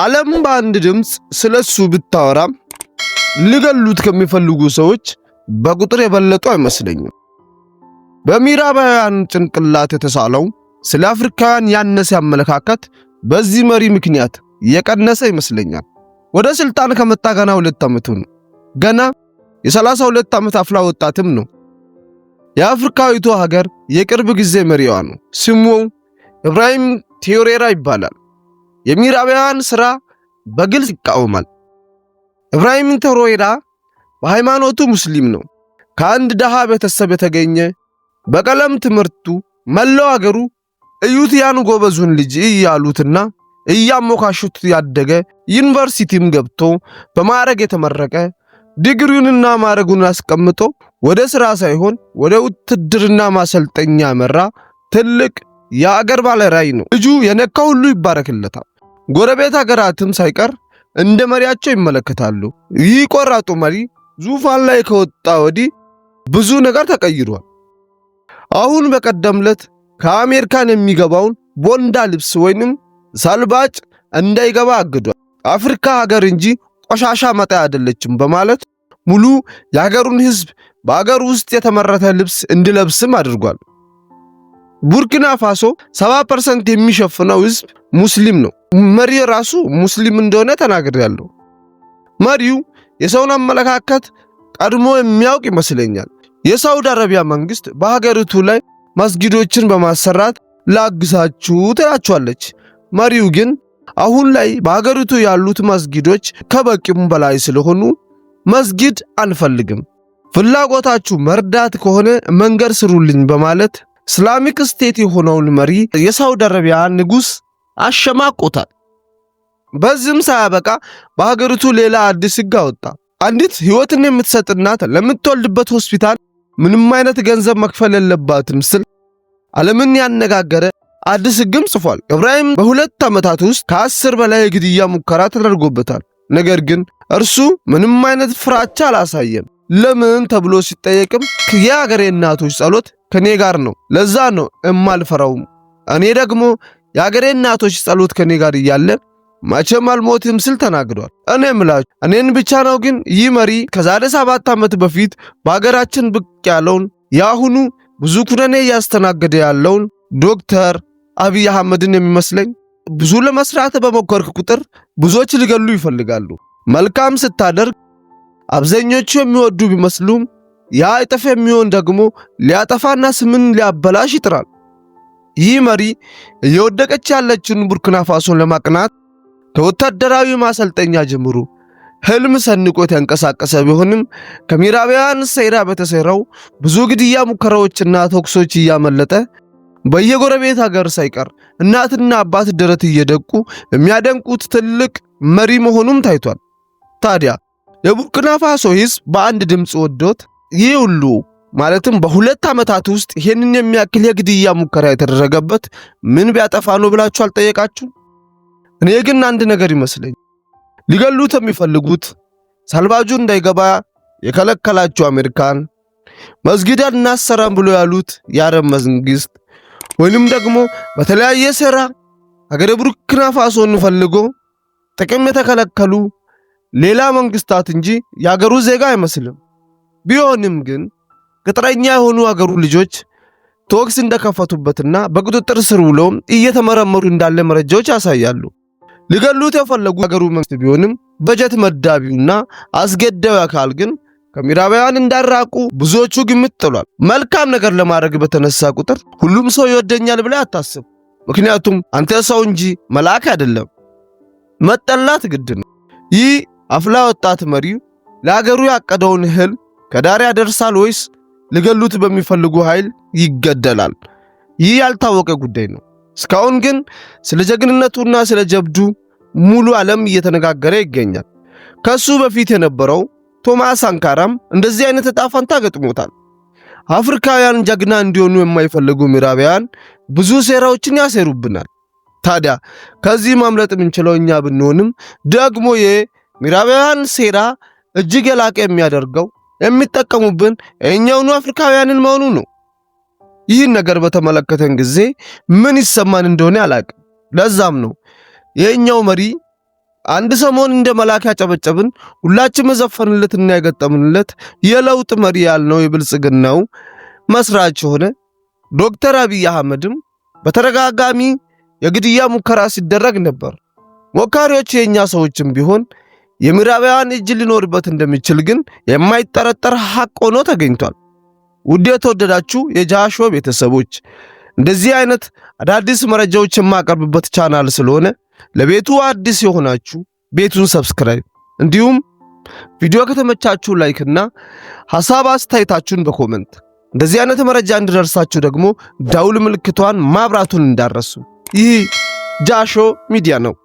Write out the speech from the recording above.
ዓለም በአንድ ድምፅ ስለ እሱ ብታወራም ሊገሉት ከሚፈልጉ ሰዎች በቁጥር የበለጡ አይመስለኝም። በምዕራባውያን ጭንቅላት የተሳለው ስለ አፍሪካውያን ያነሰ አመለካከት በዚህ መሪ ምክንያት የቀነሰ ይመስለኛል። ወደ ስልጣን ከመጣ ገና ሁለት ዓመቱ ነው። ገና የ32 ዓመት አፍላ ወጣትም ነው። የአፍሪካዊቱ ሀገር የቅርብ ጊዜ መሪዋ ነው። ስሙ ኢብራሂም ቴዮሬራ ይባላል። የምዕራባውያን ሥራ በግልጽ ይቃወማል። ኢብራሂም ትሮይራ በሃይማኖቱ ሙስሊም ነው። ከአንድ ድሃ ቤተሰብ የተገኘ በቀለም ትምህርቱ መላው አገሩ እዩት ያን ጎበዙን ልጅ እያሉትና እያሞካሹት ያደገ ዩኒቨርሲቲም ገብቶ በማዕረግ የተመረቀ ዲግሪውንና ማዕረጉን አስቀምጦ ወደ ሥራ ሳይሆን ወደ ውትድርና ማሰልጠኛ መራ። ትልቅ የአገር ራይ ነው። ልጁ የነካ ሁሉ ይባረክለታል። ጎረቤት ሀገራትም ሳይቀር እንደ መሪያቸው ይመለከታሉ። ይህ ቆራጡ መሪ ዙፋን ላይ ከወጣ ወዲህ ብዙ ነገር ተቀይሯል። አሁን በቀደም ዕለት ከአሜሪካን የሚገባውን ቦንዳ ልብስ ወይንም ሰልባጭ እንዳይገባ አግዷል። አፍሪካ ሀገር እንጂ ቆሻሻ መጣያ አይደለችም በማለት ሙሉ የሀገሩን ሕዝብ በሀገር ውስጥ የተመረተ ልብስ እንዲለብስም አድርጓል። ቡርኪና ፋሶ 70 የሚሸፍነው ሕዝብ ሙስሊም ነው። መሪው ራሱ ሙስሊም እንደሆነ ተናግሬያለሁ። መሪው የሰውን አመለካከት ቀድሞ የሚያውቅ ይመስለኛል። የሳውዲ አረቢያ መንግስት በሀገሪቱ ላይ መስጊዶችን በማሰራት ላግሳችሁ ትላችኋለች። መሪው ግን አሁን ላይ በሀገሪቱ ያሉት መስጊዶች ከበቂም በላይ ስለሆኑ መስጊድ አንፈልግም፣ ፍላጎታችሁ መርዳት ከሆነ መንገድ ስሩልኝ በማለት እስላሚክ ስቴት የሆነውን መሪ የሳውዲ አረቢያ ንጉሥ አሸማቆታል። በዚህም ሳያበቃ በሀገሪቱ ሌላ አዲስ ህግ አወጣ። አንዲት ህይወትን የምትሰጥ እናት ለምትወልድበት ሆስፒታል ምንም አይነት ገንዘብ መክፈል የለባትም ስል ዓለምን ያነጋገረ አዲስ ህግም ጽፏል። ኢብራሂም በሁለት ዓመታት ውስጥ ከአስር በላይ የግድያ ሙከራ ተደርጎበታል። ነገር ግን እርሱ ምንም አይነት ፍራቻ አላሳየም። ለምን ተብሎ ሲጠየቅም የአገሬ እናቶች ጸሎት ከኔ ጋር ነው፣ ለዛ ነው እማልፈራውም። እኔ ደግሞ የአገሬ እናቶች ጸሎት ከኔ ጋር እያለ መቼም አልሞትም ስል ተናግሯል። እኔ ምላችሁ እኔን ብቻ ነው። ግን ይህ መሪ ከዛሬ ሰባት ዓመት በፊት በሀገራችን ብቅ ያለውን የአሁኑ ብዙ ኩነኔ እያስተናገደ ያለውን ዶክተር አብይ አህመድን የሚመስለኝ ብዙ ለመስራት በሞከርክ ቁጥር ብዙዎች ሊገሉ ይፈልጋሉ። መልካም ስታደርግ አብዛኞቹ የሚወዱ ቢመስሉም ያ እጥፍ የሚሆን ደግሞ ሊያጠፋና ስምን ሊያበላሽ ይጥራል። ይህ መሪ እየወደቀች ያለችውን ቡርኪና ፋሶን ለማቅናት ከወታደራዊ ማሰልጠኛ ጀምሮ ህልም ሰንቆ የተንቀሳቀሰ ቢሆንም ከምዕራባውያን ሴራ በተሰራው ብዙ ግድያ ሙከራዎችና ተኩሶች እያመለጠ በየጎረቤት ሀገር ሳይቀር እናትና አባት ደረት እየደቁ የሚያደንቁት ትልቅ መሪ መሆኑም ታይቷል። ታዲያ የቡርኪና ፋሶ ህዝብ በአንድ ድምፅ ወዶት ይህ ሁሉ ማለትም በሁለት ዓመታት ውስጥ ይህንን የሚያክል የግድያ ሙከራ የተደረገበት ምን ቢያጠፋ ነው ብላችሁ አልጠየቃችሁም? እኔ ግን አንድ ነገር ይመስለኝ ሊገሉት የሚፈልጉት ሳልባጁ እንዳይገባ የከለከላቸው አሜሪካን፣ መስጊድ አናሰራም ብሎ ያሉት የአረብ መንግስት፣ ወይንም ደግሞ በተለያየ ሴራ ሀገረ ቡርኪና ፋሶን ፈልጎ ጥቅም የተከለከሉ ሌላ መንግስታት እንጂ የአገሩ ዜጋ አይመስልም። ቢሆንም ግን ቅጥረኛ የሆኑ አገሩ ልጆች ቶክስ እንደከፈቱበትና በቁጥጥር ስር ውሎ እየተመረመሩ እንዳለ መረጃዎች ያሳያሉ። ሊገሉት የፈለጉ አገሩ መንግስት ቢሆንም በጀት መዳቢውና አስገዳዩ አካል ግን ከምዕራባውያን እንዳራቁ ብዙዎቹ ግምት ጥሏል። መልካም ነገር ለማድረግ በተነሳ ቁጥር ሁሉም ሰው ይወደኛል ብለህ አታስብ። ምክንያቱም አንተ ሰው እንጂ መልአክ አይደለም። መጠላት ግድ ነው። ይህ አፍላ ወጣት መሪ ለአገሩ ያቀደውን እህል ከዳር ያደርሳል ወይስ ሊገሉት በሚፈልጉ ኃይል ይገደላል። ይህ ያልታወቀ ጉዳይ ነው። እስካሁን ግን ስለ ጀግንነቱና ስለ ጀብዱ ሙሉ ዓለም እየተነጋገረ ይገኛል። ከሱ በፊት የነበረው ቶማስ አንካራም እንደዚህ አይነት ዕጣ ፈንታ ገጥሞታል። አፍሪካውያን ጀግና እንዲሆኑ የማይፈልጉ ምዕራባውያን ብዙ ሴራዎችን ያሴሩብናል። ታዲያ ከዚህ ማምለጥ የምንችለው እኛ ብንሆንም ደግሞ የምዕራባውያን ሴራ እጅግ የላቀ የሚያደርገው የሚጠቀሙብን እኛውኑ አፍሪካውያንን መሆኑ ነው። ይህን ነገር በተመለከተን ጊዜ ምን ይሰማን እንደሆነ አላቅ። ለዛም ነው የእኛው መሪ አንድ ሰሞን እንደ መልአክ ያጨበጨብን ሁላችንም የዘፈንለትና የገጠምንለት የለውጥ መሪ ያልነው የብልጽግናው መስራች የሆነ ዶክተር አብይ አህመድም በተደጋጋሚ የግድያ ሙከራ ሲደረግ ነበር። ሞካሪዎች የእኛ ሰዎችም ቢሆን የምዕራባውያን እጅ ሊኖርበት እንደሚችል ግን የማይጠረጠር ሐቅ ሆኖ ተገኝቷል። ውድ የተወደዳችሁ የጃሾ ቤተሰቦች እንደዚህ አይነት አዳዲስ መረጃዎች የማቀርብበት ቻናል ስለሆነ ለቤቱ አዲስ የሆናችሁ ቤቱን ሰብስክራይብ፣ እንዲሁም ቪዲዮ ከተመቻችሁ ላይክ እና ሐሳብ አስተያየታችሁን በኮመንት እንደዚህ አይነት መረጃ እንዲደርሳችሁ ደግሞ ዳውል ምልክቷን ማብራቱን እንዳረሱ። ይህ ጃሾ ሚዲያ ነው።